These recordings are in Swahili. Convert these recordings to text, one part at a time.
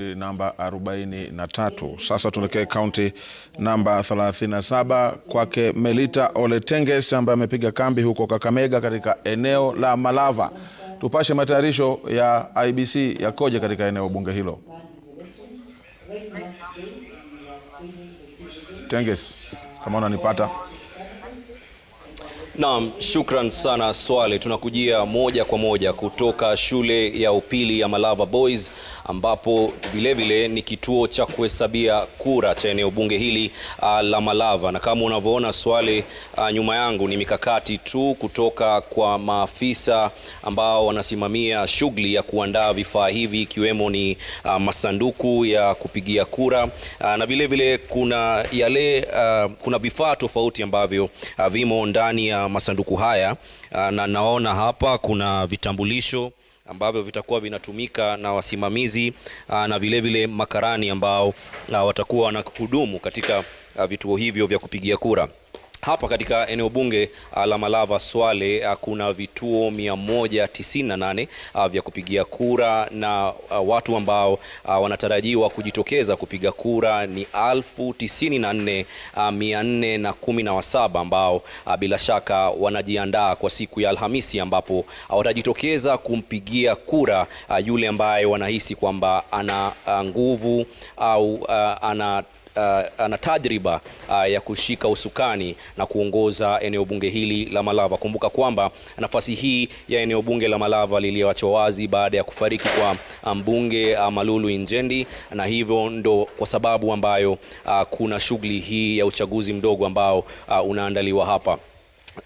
Namba 43. Sasa tuelekee kaunti namba 37 kwake Melita Ole Tenges ambaye amepiga kambi huko Kakamega katika eneo la Malava. Tupashe matayarisho ya IBC yakoje katika eneo bunge hilo. Tenges, kama unanipata Naam, shukran sana Swale. Tunakujia moja kwa moja kutoka shule ya upili ya Malava Boys ambapo vilevile ni kituo cha kuhesabia kura cha eneo bunge hili uh, la Malava, na kama unavyoona Swale, uh, ah, nyuma yangu ni mikakati tu kutoka kwa maafisa ambao wanasimamia shughuli ya kuandaa vifaa hivi ikiwemo ni uh, masanduku ya kupigia kura uh, na vilevile kuna yale uh, kuna vifaa tofauti ambavyo uh, vimo ndani ya masanduku haya uh, na naona hapa kuna vitambulisho ambavyo vitakuwa vinatumika na wasimamizi uh, na vilevile vile makarani ambao uh, watakuwa wanahudumu katika vituo hivyo vya kupigia kura. Hapa katika eneo bunge ah, la Malava Swale ah, kuna vituo 198 ah, vya kupigia kura na watu ambao wanatarajiwa kujitokeza kupiga kura ni 94417 ambao bila shaka wanajiandaa kwa siku ya Alhamisi ambapo watajitokeza kumpigia kura yule ambaye wanahisi kwamba ana nguvu au ana uh, ana tajriba uh, ya kushika usukani na kuongoza eneo bunge hili la Malava. Kumbuka kwamba nafasi hii ya eneo bunge la Malava liliachwa wazi baada ya kufariki kwa um, mbunge uh, Malulu Injendi, na hivyo ndo kwa sababu ambayo uh, kuna shughuli hii ya uchaguzi mdogo ambao uh, unaandaliwa hapa.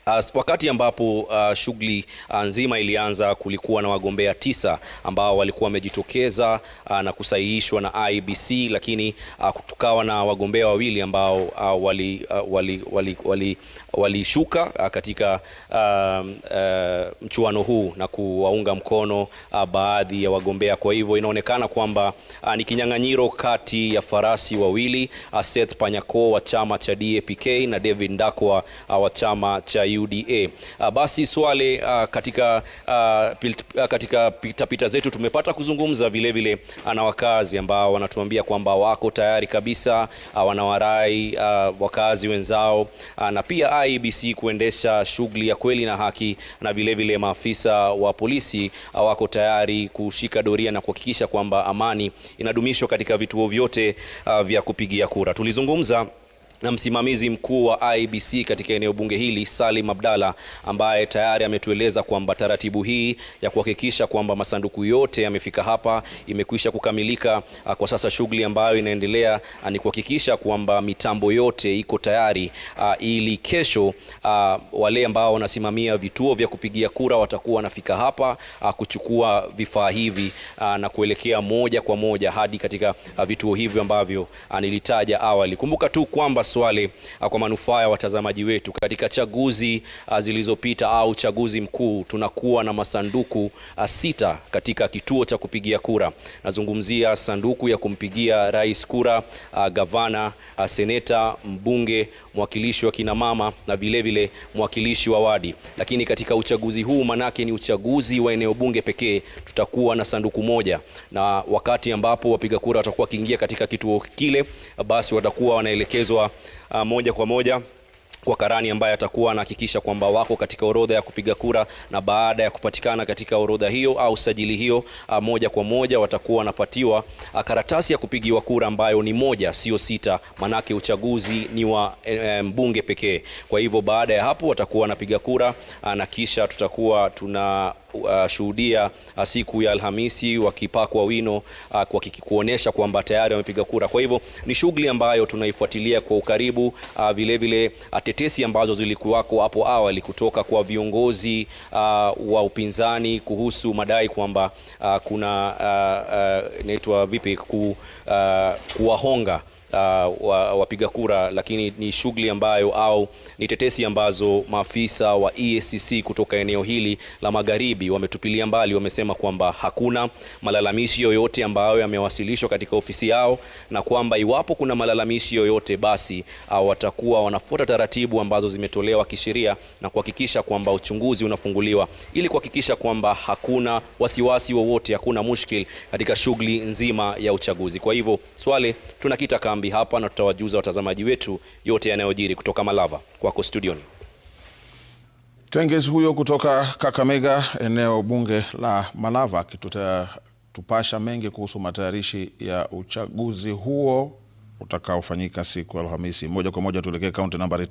As, wakati ambapo uh, shughuli uh, nzima ilianza kulikuwa na wagombea tisa ambao walikuwa wamejitokeza uh, na kusahihishwa na IEBC, lakini uh, tukawa na wagombea wawili ambao uh, walishuka uh, wali, wali, wali, wali uh, katika uh, uh, mchuano huu na kuwaunga mkono uh, baadhi ya wagombea. Kwa hivyo inaonekana kwamba uh, ni kinyang'anyiro kati ya farasi wawili uh, Seth Panyako wa chama cha DAPK na David Ndakwa uh, wa chama cha cha UDA. Uh, ah, basi Swale, uh, ah, katika uh, pilt, uh, katika pita zetu tumepata kuzungumza vilevile na wakazi ambao wanatuambia kwamba wako tayari kabisa, uh, wanawarai uh, wakazi wenzao uh, na pia IEBC kuendesha shughuli ya kweli na haki, na vilevile maafisa wa polisi uh, wako tayari kushika doria na kuhakikisha kwamba amani inadumishwa katika vituo vyote uh, vya kupigia kura. Tulizungumza na msimamizi mkuu wa ibc katika eneo bunge hili Salim Abdalla, ambaye tayari ametueleza kwamba taratibu hii ya kuhakikisha kwamba masanduku yote yamefika hapa imekwisha kukamilika. Ah, kwa sasa shughuli ambayo inaendelea ah, ni kuhakikisha kwamba mitambo yote iko tayari ah, ili kesho wale ambao wanasimamia vituo vya kupigia kura watakuwa wanafika hapa kuchukua vifaa hivi na kuelekea moja kwa moja hadi katika vituo hivyo ambavyo nilitaja awali. Kumbuka tu kwamba maswali uh, kwa manufaa ya watazamaji wetu. Katika chaguzi uh, zilizopita au chaguzi mkuu, tunakuwa na masanduku uh, sita katika kituo cha kupigia kura. Nazungumzia sanduku ya kumpigia rais kura, gavana, seneta, mbunge, mwakilishi wa kinamama na vilevile mwakilishi wa wadi. Lakini katika uchaguzi huu, manake ni uchaguzi wa eneo bunge pekee, tutakuwa na sanduku moja, na wakati ambapo wapiga kura watakuwa wakiingia katika kituo kile, basi watakuwa wanaelekezwa uh, moja kwa moja kwa karani ambaye atakuwa anahakikisha kwamba wako katika orodha ya kupiga kura, na baada ya kupatikana katika orodha hiyo au sajili hiyo, ah, moja kwa moja watakuwa wanapatiwa ah, karatasi ya kupigiwa kura ambayo ni moja, sio sita, manake uchaguzi ni wa e, mbunge pekee. Kwa hivyo baada ya hapo watakuwa wanapiga kura na kisha tutakuwa tuna kushuhudia uh, siku ya Alhamisi wakipakwa wino uh, kwa kuonesha kwamba tayari wamepiga kura. Kwa hivyo ni shughuli ambayo tunaifuatilia kwa ukaribu uh, vilevile uh, tetesi ambazo zilikuwako hapo awali kutoka kwa viongozi uh, wa upinzani kuhusu madai kwamba uh, kuna uh, uh, inaitwa vipi ku, uh, kuwahonga Uh, wapiga kura, lakini ni shughuli ambayo au ni tetesi ambazo maafisa wa EACC kutoka eneo hili la magharibi magharibi wametupilia mbali, wamesema kwamba hakuna malalamishi yoyote ambayo yamewasilishwa katika ofisi yao, na kwamba iwapo kuna malalamishi yoyote basi ah, watakuwa wanafuata taratibu ambazo zimetolewa kisheria na kuhakikisha kwamba uchunguzi unafunguliwa ili kuhakikisha kwamba hakuna wasiwasi wowote, hakuna mushkil katika shughuli nzima ya uchaguzi. Kwa hivyo Swale, tunakita kambi hapa na tutawajuza watazamaji wetu yote yanayojiri kutoka Malava. Kwako studioni tenges huyo kutoka Kakamega, eneo bunge la Malava, akitupasha mengi kuhusu matayarishi ya uchaguzi huo utakaofanyika siku ya Alhamisi. Moja kwa moja tuelekee kaunti nambari